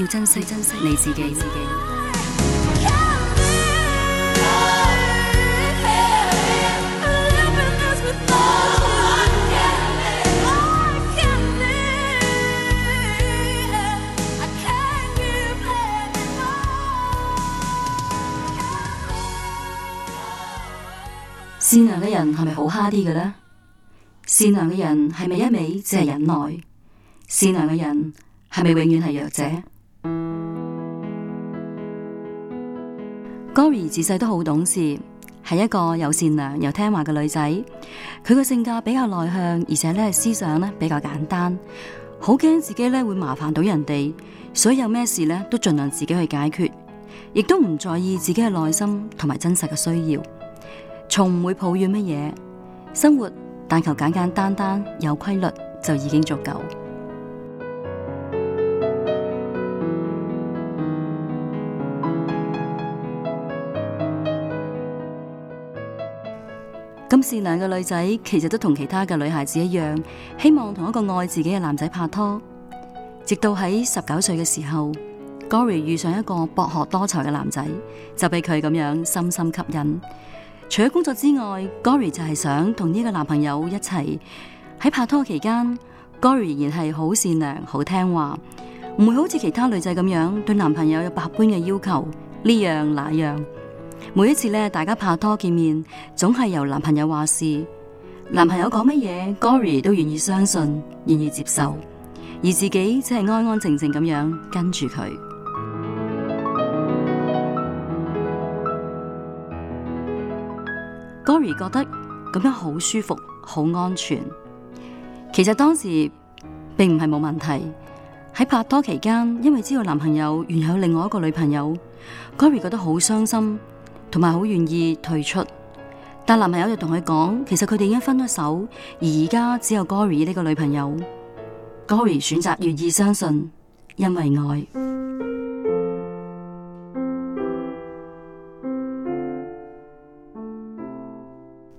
要珍惜，珍惜你自己。善良嘅人係咪好蝦啲嘅呢？善良嘅人係咪一味只係忍耐？善良嘅人係咪永遠係弱者？Gerry 自細都好懂事，係一個又善良又聽話嘅女仔。佢個性格比較內向，而且咧思想咧比較簡單，好驚自己咧會麻煩到人哋，所以有咩事咧都盡量自己去解決，亦都唔在意自己嘅內心同埋真實嘅需要，從唔會抱怨乜嘢，生活但求簡簡單單有規律就已經足夠。咁善良嘅女仔，其實都同其他嘅女孩子一樣，希望同一個愛自己嘅男仔拍拖。直到喺十九歲嘅時候，Gorry 遇上一個博學多才嘅男仔，就被佢咁樣深深吸引。除咗工作之外，Gorry 就係想同呢個男朋友一齊。喺拍拖期間，Gorry 仍然係好善良、好聽話，唔會好似其他女仔咁樣對男朋友有百般嘅要求，呢樣那樣。每一次咧，大家拍拖見面，總係由男朋友話事，男朋友講乜嘢，Gory 都願意相信，願意接受，而自己只係安安靜靜咁樣跟住佢。Gory 覺得咁樣好舒服，好安全。其實當時並唔係冇問題。喺拍拖期間，因為知道男朋友原有另外一個女朋友，Gory 覺得好傷心。同埋好願意退出，但男朋友就同佢講，其實佢哋已經分咗手，而而家只有 Gory 呢個女朋友。Gory 選擇願意相信，因為愛。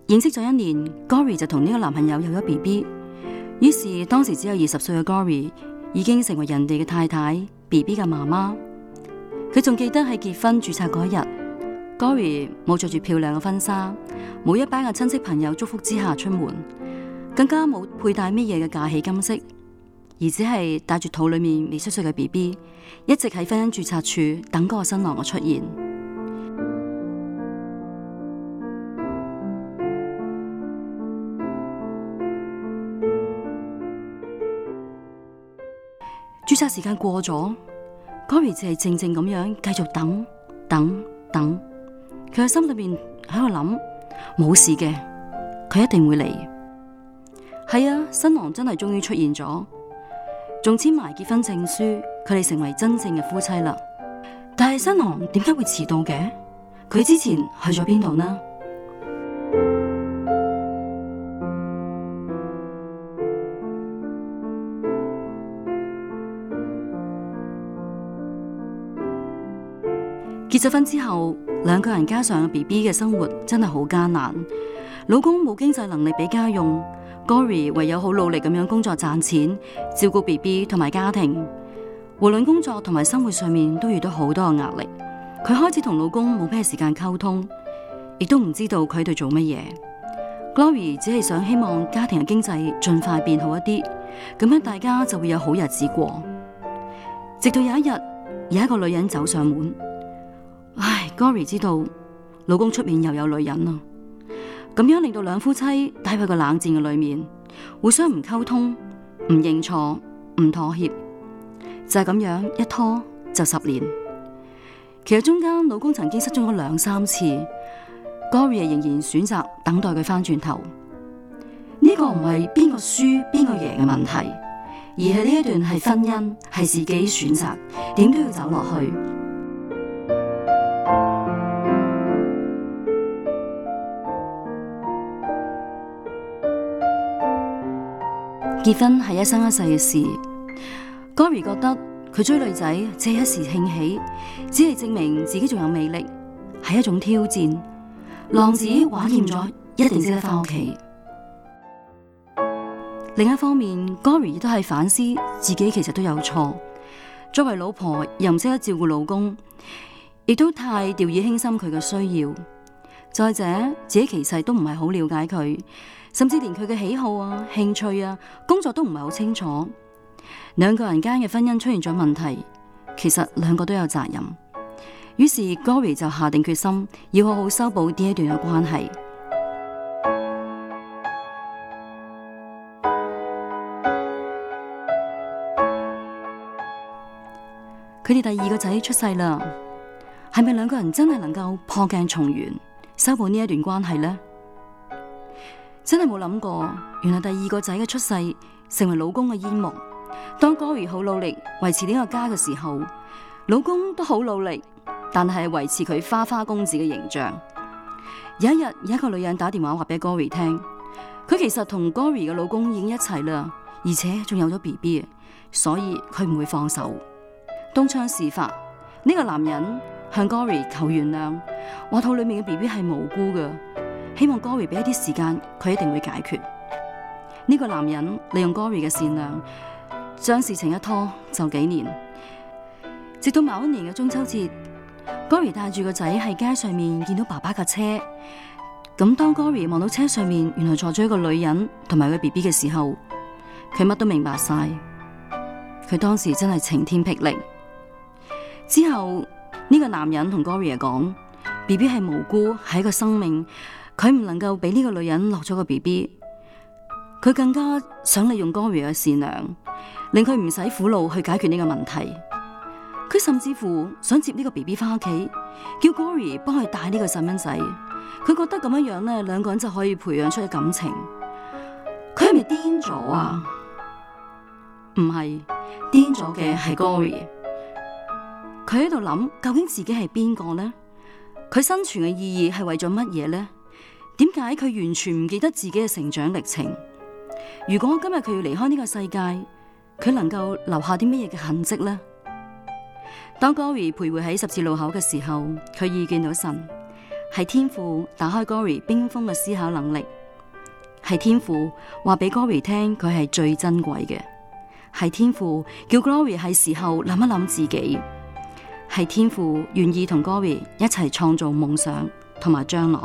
認識咗一年，Gory 就同呢個男朋友有咗 BB，於是當時只有二十歲嘅 Gory 已經成為人哋嘅太太，BB 嘅媽媽。佢仲記得喺結婚註冊嗰日。Gory 冇着住漂亮嘅婚紗，冇一班嘅親戚朋友祝福之下出門，更加冇佩戴乜嘢嘅嫁喜金飾，而只係帶住肚裏面未出世嘅 BB，一直喺婚姻注冊處等嗰個新郎嘅出現。注冊時間過咗，Gory 就係靜靜咁樣繼續等等等。等佢喺心裏面，喺度諗，冇事嘅，佢一定會嚟。係啊，新郎真係終於出現咗，仲簽埋結婚證書，佢哋成為真正嘅夫妻啦。但係新郎點解會遲到嘅？佢之前去咗邊度呢？結咗婚之後，兩個人加上 BB 嘅生活真係好艱難，老公冇經濟能力俾家用，Glory 唯有好努力咁樣工作賺錢，照顧 BB 同埋家庭。無論工作同埋生活上面都遇到好多嘅壓力，佢開始同老公冇咩時間溝通，亦都唔知道佢哋做乜嘢。Glory 只係想希望家庭嘅經濟盡快變好一啲，咁樣大家就會有好日子過。直到有一日，有一個女人走上門，唉。Gory 知道老公出面又有女人啦，咁樣令到兩夫妻喺個冷戰嘅裏面，互相唔溝通、唔認錯、唔妥協，就係、是、咁樣一拖就十年。其實中間老公曾經失蹤咗兩三次，Gory 仍然選擇等待佢返轉頭。呢、這個唔係邊個輸邊個贏嘅問題，而係呢一段係婚姻係自己選擇，點都要走落去。結婚係一生一世嘅事。Gary 覺得佢追女仔，借一時興起，只係證明自己仲有魅力，係一種挑戰。浪子玩厭咗，一定識得翻屋企。另一方面，Gary 亦都係反思自己其實都有錯。作為老婆，又唔識得照顧老公，亦都太掉以輕心佢嘅需要。再者，自己其實都唔係好了解佢，甚至連佢嘅喜好啊、興趣啊、工作都唔係好清楚。兩個人間嘅婚姻出現咗問題，其實兩個都有責任。於是 Gory 就下定決心要好好修補呢一段嘅關係。佢哋 第二個仔出世啦，係咪兩個人真係能夠破鏡重圓？修補呢一段關係呢，真係冇諗過。原來第二個仔嘅出世，成為老公嘅煙幕。當 Gory 好努力維持呢個家嘅時候，老公都好努力，但係維持佢花花公子嘅形象。有一日，有一個女人打電話話俾 Gory 聽，佢其實同 Gory 嘅老公已經一齊啦，而且仲有咗 BB，所以佢唔會放手。東窗事發，呢個男人。向 Gory 求原諒，話肚裏面嘅 B B 係無辜噶，希望 Gory 俾一啲時間，佢一定會解決。呢個男人利用 Gory 嘅善良，將事情一拖就幾年，直到某一年嘅中秋節，Gory 帶住個仔喺街上面見到爸爸架車，咁當 Gory 望到車上面原來坐咗一個女人同埋個 B B 嘅時候，佢乜都明白晒，佢當時真係晴天霹靂。之後。呢個男人同 Gory 講，B B 係無辜，係一個生命，佢唔能夠俾呢個女人落咗個 B B，佢更加想利用 Gory 嘅善良，令佢唔使苦惱去解決呢個問題。佢甚至乎想接呢個 B B 返屋企，叫 Gori 幫佢帶呢個細蚊仔。佢覺得咁樣樣咧，兩個人就可以培養出感情。佢係咪癲咗啊？唔係，癲咗嘅係 Gori。佢喺度諗，究竟自己係邊個呢？佢生存嘅意義係為咗乜嘢呢？點解佢完全唔記得自己嘅成長歷程？如果今日佢要離開呢個世界，佢能夠留下啲乜嘢嘅痕跡呢？當 Glori 徘徊喺十字路口嘅時候，佢遇見到神，係天父。打開 Glori 冰封嘅思考能力，係天父話俾 Glori 聽佢係最珍貴嘅，係天父叫 Glori 係時候諗一諗自己。係天父，願意同 Glory 一齊創造夢想同埋將來。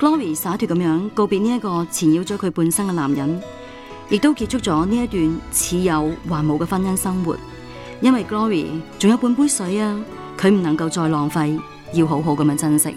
Glory 灑脱咁樣告別呢一個纏繞咗佢半生嘅男人，亦都結束咗呢一段似有還冇嘅婚姻生活。因為 Glory 仲有半杯水啊，佢唔能夠再浪費，要好好咁樣珍惜。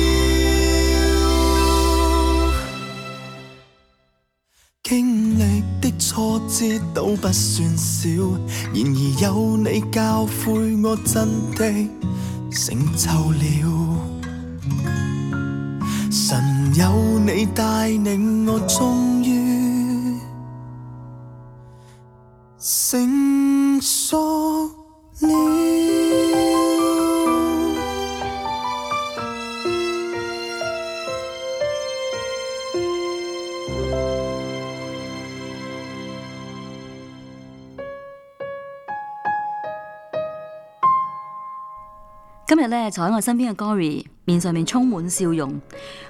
經歷的挫折都不算少，然而有你教誨，我真的成就了。神有你帶領我終於，我終於成熟了。今日咧坐喺我身邊嘅 Gory 面上面充滿笑容，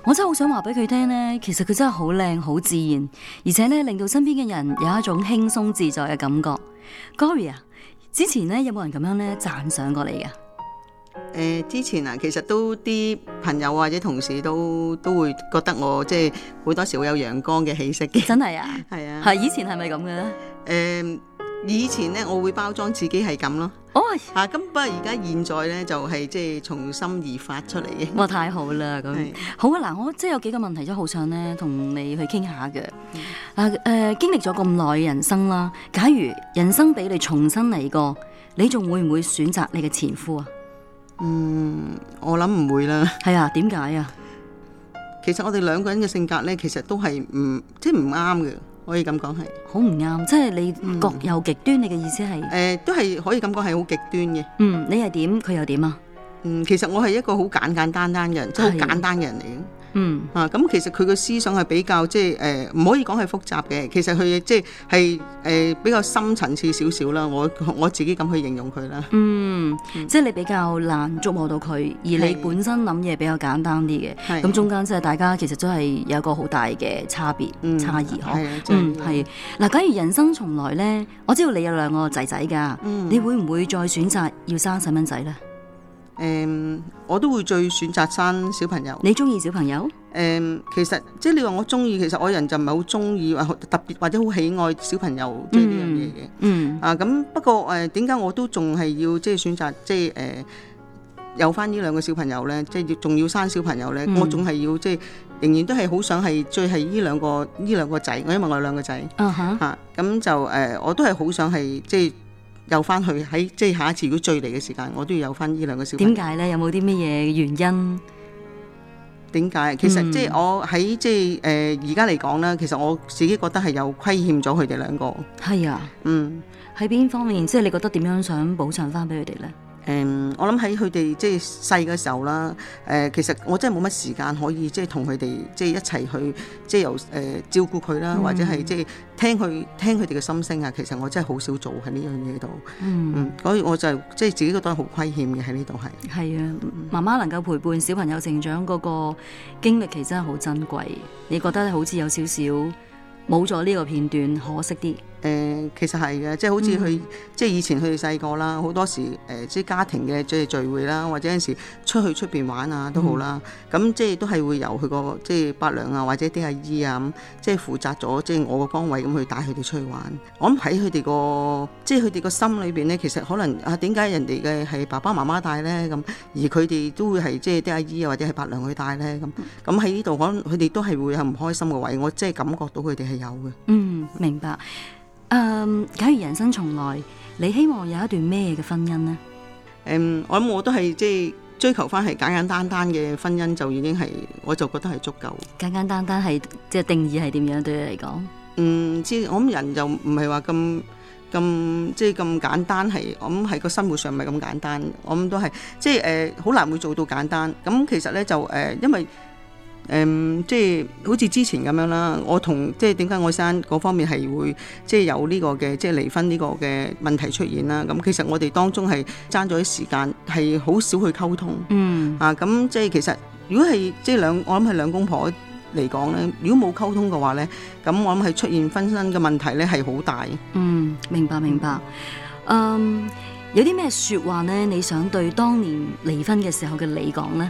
我真係好想話俾佢聽咧，其實佢真係好靚、好自然，而且咧令到身邊嘅人有一種輕鬆自在嘅感覺。Gory 啊，之前咧有冇人咁樣咧讚賞過你㗎？誒、呃，之前啊，其實都啲朋友或者同事都都會覺得我即係好多時會有陽光嘅氣息嘅。 真係啊，係 啊，係以前係咪咁嘅咧？誒、呃，以前咧我會包裝自己係咁咯。哦，oh. 啊，咁不過而家現在咧就係即係從心而發出嚟嘅。哇，太好啦！咁是好啊，嗱，我即係有幾個問題都好想咧同你去傾下嘅。啊，誒、呃，經歷咗咁耐人生啦，假如人生俾你重新嚟過，你仲會唔會選擇你嘅前夫啊？嗯，我諗唔會啦。係啊，點解啊？其實我哋兩個人嘅性格咧，其實都係唔即係唔啱嘅。可以咁講係，好唔啱，即係你唔覺有極端。嗯、你嘅意思係？誒、呃，都係可以咁講係好極端嘅。嗯，你係點？佢又點啊？嗯，其實我係一個好簡簡單單嘅人，即係好簡單嘅人嚟嘅。嗯啊，咁其實佢嘅思想係比較即係誒，唔可以講係複雜嘅。其實佢即係誒比較深層次少少啦，我我自己咁去形容佢啦。嗯，即係你比較難觸摸到佢，而你本身諗嘢比較簡單啲嘅。咁中間即係大家其實都係有一個好大嘅差別差異呵。係嗱，假如人生從來咧，我知道你有兩個仔仔㗎，你會唔會再選擇要生細蚊仔咧？誒，um, 我都會最選擇生小，小朋友。你中意小朋友？誒，其實即係你話我中意，其實我人就唔係好中意，或特別或者好喜愛小朋友，即係呢樣嘢嘅。嗯、mm。Hmm. 啊，咁不過誒，點、呃、解我都仲係要即係選擇即係誒、呃，有翻呢兩個小朋友咧，即係要仲要生小朋友咧？Mm hmm. 我仲係要即係，仍然都係好想係最係呢兩個呢兩個仔。我因為我有兩個仔。吓咁、uh huh. 啊、就誒、呃，我都係好想係即係。有翻去喺即係下一次如果聚嚟嘅時間，我都要有翻呢兩個小朋友。點解咧？有冇啲乜嘢原因？點解？嗯、其實即係我喺即係誒而家嚟講咧，其實我自己覺得係有虧欠咗佢哋兩個。係啊，嗯，喺邊方面？即係你覺得點樣想補償翻俾佢哋咧？誒、嗯，我諗喺佢哋即係細嘅時候啦。誒、呃，其實我真係冇乜時間可以即係同佢哋即係一齊去，即係由誒、呃、照顧佢啦，或者係即係聽佢聽佢哋嘅心聲啊。其實我真係好少做喺呢樣嘢度，嗯、嗯，所以我就即係自己覺得好虧欠嘅喺呢度係。係啊，嗯、媽媽能夠陪伴小朋友成長嗰個經歷，其實真係好珍貴。你覺得好似有少少冇咗呢個片段，可惜啲。誒、呃、其實係嘅，即係好似佢、嗯呃，即係以前佢哋細個啦，好多時誒即係家庭嘅即係聚會啦，或者有時出去出邊玩啊、嗯、都好啦。咁即係都係會由佢個即係伯娘啊，或者啲阿姨啊咁，即係負責咗即係我個崗位咁去帶佢哋出去玩。我諗喺佢哋個即係佢哋個心裏邊咧，其實可能啊點解人哋嘅係爸爸媽媽帶咧咁，而佢哋都會係即係啲阿姨啊或者係伯娘去帶咧咁。咁喺呢度可能佢哋都係會有唔開心嘅位，我即係感覺到佢哋係有嘅。嗯，明白。嗯，um, 假如人生重來，你希望有一段咩嘅婚姻呢？嗯，um, 我諗我都係即係追求翻係簡簡單單嘅婚姻就已經係，我就覺得係足夠。簡簡單單係即係定義係點樣對你嚟講？嗯，即我諗人就唔係話咁咁即係咁簡單係，我諗喺個生活上唔係咁簡單，我諗都係即係誒、好、呃、難會做到簡單。咁其實呢，就誒、呃，因為。誒，um, 即係好似之前咁樣啦，我同即係點解愛珊嗰方面係會即係有呢個嘅即係離婚呢個嘅問題出現啦？咁其實我哋當中係爭咗啲時間，係好少去溝通。嗯，啊，咁即係其實如果係即係兩，我諗係兩公婆嚟講咧，如果冇溝通嘅話咧，咁我諗係出現婚姻嘅問題咧係好大。嗯，明白明白。嗯，um, 有啲咩説話咧？你想對當年離婚嘅時候嘅你講咧？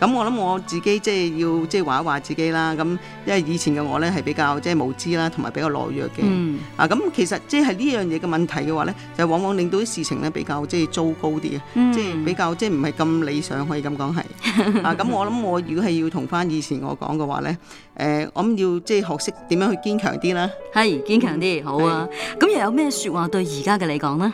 咁我諗我自己即係要即係話一話自己啦，咁因為以前嘅我咧係比較即係無知啦，同埋比較懦弱嘅。嗯、啊，咁其實即係呢樣嘢嘅問題嘅話咧，就是、往往令到啲事情咧比較即係糟糕啲嘅，即係、嗯、比較即係唔係咁理想，可以咁講係。 啊，咁我諗我如果係要同返以前我講嘅話咧，誒、呃，我諗要即係學識點樣去堅強啲啦。係堅強啲，嗯、好啊。咁是又有咩說話對而家嘅你講咧？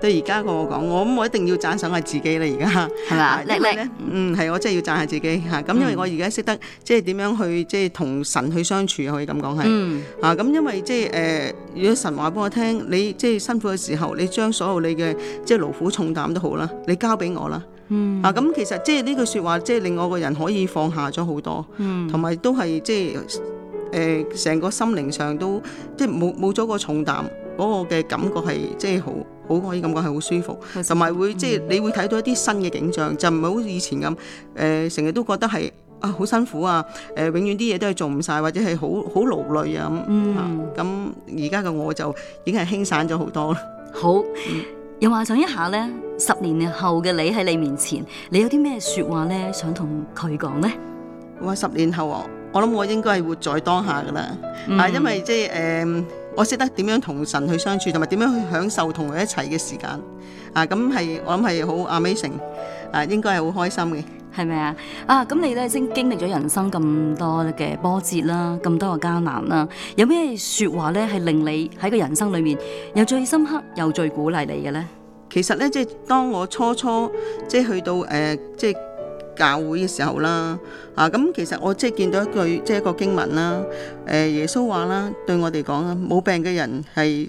對而家個我講，我咁我一定要讚賞下自己啦！而家係咪啊？叻叻 嗯，係我真係要讚下自己嚇。咁因為我而家識得即係點樣去即係同神去相處，可以咁講係。啊咁，因為即係誒、呃，如果神話俾我聽，你即係辛苦嘅時候，你將所有你嘅即係勞苦重擔都好啦，你交俾我啦。 啊咁，其實即係呢句説話，即係令我個人可以放下咗好多，同埋 都係即係誒，成、呃、個心靈上都即係冇冇咗個重擔。嗰個嘅感覺係即係好好可以感覺係好舒服，同埋會即係你會睇到一啲新嘅景象，就唔係好似以前咁誒，成、呃、日都覺得係啊好辛苦啊，誒、呃、永遠啲嘢都係做唔晒，或者係好好勞累啊咁。咁而家嘅我就已經係輕散咗好多啦。好，又幻想一下咧，十年後嘅你喺你面前，你有啲咩説話咧，想同佢講咧？哇，十年後啊，我諗我應該係活在當下噶啦，啊、嗯，因為即係誒。呃我識得點樣同神去相處，同埋點樣去享受同佢一齊嘅時間啊！咁係我諗係好 amazing 啊，應該係好開心嘅，係咪啊？啊咁你咧先經歷咗人生咁多嘅波折啦，咁多個艱難啦，有咩説話咧係令你喺個人生裏面又最深刻又最鼓勵你嘅咧？其實咧，即係當我初初即係去到誒，即係教會嘅時候啦，啊，咁其實我即係見到一句即係一個經文啦，誒，耶穌話啦，對我哋講啊，冇病嘅人係，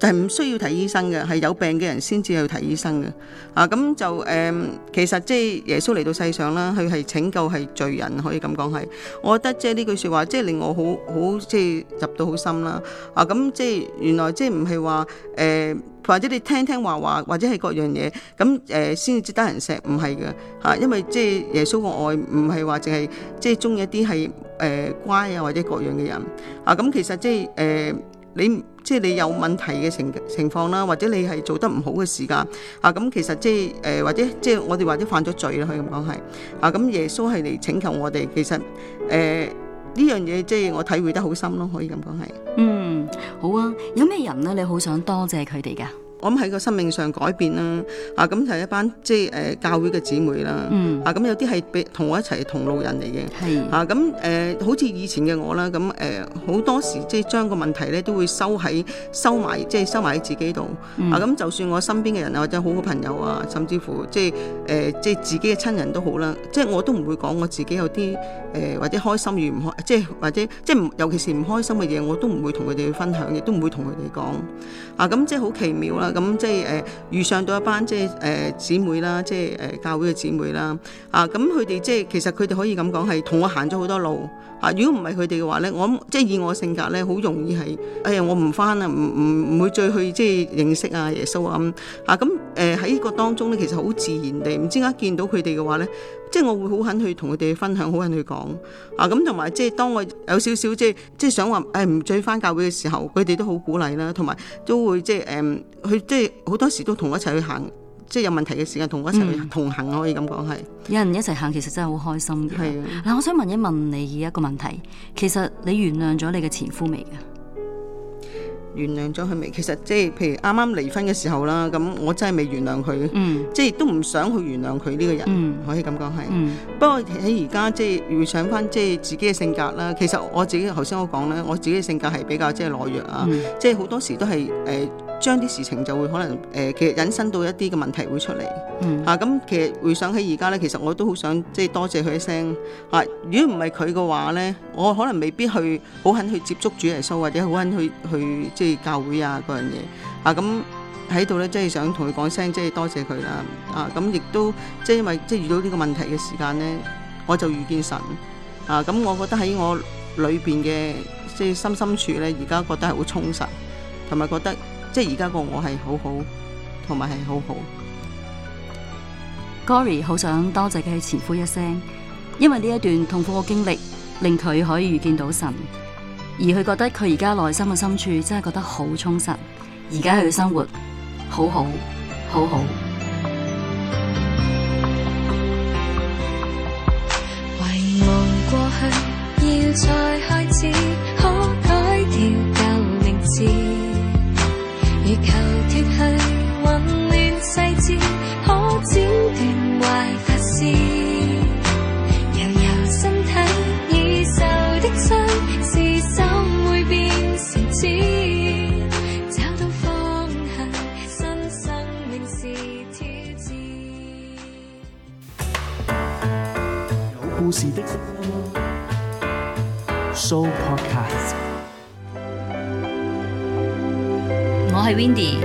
就係唔需要睇醫生嘅，係有病嘅人先至去睇醫生嘅。啊，咁就誒、嗯，其實即係耶穌嚟到世上啦，佢係拯救係罪人，可以咁講係。我覺得即係呢句説話，即係令我好好即係入到好深啦。啊，咁即係原來即係唔係話誒，或者你聽聽話話，或者係各樣嘢咁誒，先、呃、至得人錫，唔係嘅嚇，因為即係耶穌嘅愛唔係話淨係即係中意一啲係誒乖啊或者各樣嘅人。啊，咁其實即係誒你。即係你有問題嘅情情況啦，或者你係做得唔好嘅時間啊，咁其實即係誒、呃、或者即係我哋或者犯咗罪啦，可以咁講係啊，咁耶穌係嚟請求我哋，其實誒呢、呃、樣嘢即係我體會得好深咯，可以咁講係。嗯，好啊，有咩人咧、啊、你好想多謝佢哋噶？我咁喺個生命上改變啦，啊咁就係一班即係誒教會嘅姊妹啦，啊咁有啲係俾同我一齊同路人嚟嘅，啊咁誒好似以前嘅我啦，咁誒好多時即係將個問題咧都會收喺收埋，即係收埋喺自己度，啊咁、嗯嗯嗯、就算我身邊嘅人啊或者好好朋友啊，甚至乎即係誒、呃、即係自己嘅親人都好啦，即係我都唔會講我自己有啲誒、呃、或者開心與唔開，即係或者即係尤其是唔開心嘅嘢，我都唔會同佢哋去分享，亦都唔會同佢哋講，啊咁即係好奇妙啦。咁即係誒，遇上到一班即係誒姊妹啦，即係誒教會嘅姊妹啦。啊，咁佢哋即係其實佢哋可以咁講，係同我行咗好多路。啊，如果唔係佢哋嘅話咧，我諗即係以我性格咧，好容易係，哎呀，我唔翻啦，唔唔唔會再去即係認識啊耶穌啊咁。啊，咁誒喺呢個當中咧，其實好自然地，唔知點解見到佢哋嘅話咧。即係我會好肯去同佢哋分享，好肯去講啊！咁同埋即係當我有少少即係即係想話誒唔追翻教會嘅時候，佢哋都好鼓勵啦，同埋都會即係誒，佢即係好多時都同我一齊去行，即係有問題嘅時間同我一齊去同行，嗯、可以咁講係。有人一齊行其實真係好開心嘅。嗱，的我想問一問你一個問題，其實你原諒咗你嘅前夫未㗎？原諒咗佢未？其實即、就、係、是、譬如啱啱離婚嘅時候啦，咁我真係未原諒佢，即係都唔想去原諒佢呢個人，嗯、可以咁講係。嗯、不過喺而家即係回想翻即係自己嘅性格啦，其實我自己頭先我講咧，我自己嘅性格係比較即係懦弱啊，即係好多時都係誒、呃、將啲事情就會可能誒、呃、其實引申到一啲嘅問題會出嚟嚇。咁、嗯啊、其實回想起而家咧，其實我都好想即係、就是、多謝佢一聲嚇、啊。如果唔係佢嘅話咧，我可能未必去好肯去接觸主耶穌或者好肯去去。去去即係教會啊，嗰樣嘢啊，咁喺度咧，即係想同佢講聲，即係多謝佢啦。啊，咁亦都即係因為即係遇到呢個問題嘅時間咧，我就遇見神啊。咁我覺得喺我裏邊嘅即係心深，深處咧，而家覺得係好充實，同埋覺得即係而家個我係好好，同埋係好好。g o r y 好想多謝佢前夫一聲，因為呢一段痛苦嘅經歷令佢可以遇見到神。而佢覺得佢而家內心嘅深處真係覺得好充實，而家佢嘅生活好好好好。好好。故事的 So Podcast，我係 Windy，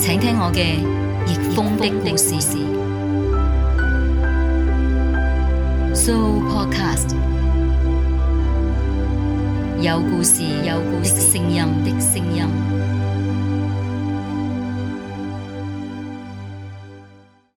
請聽我嘅逆風的故事。So Podcast，有故事，有故事的聲音的聲音。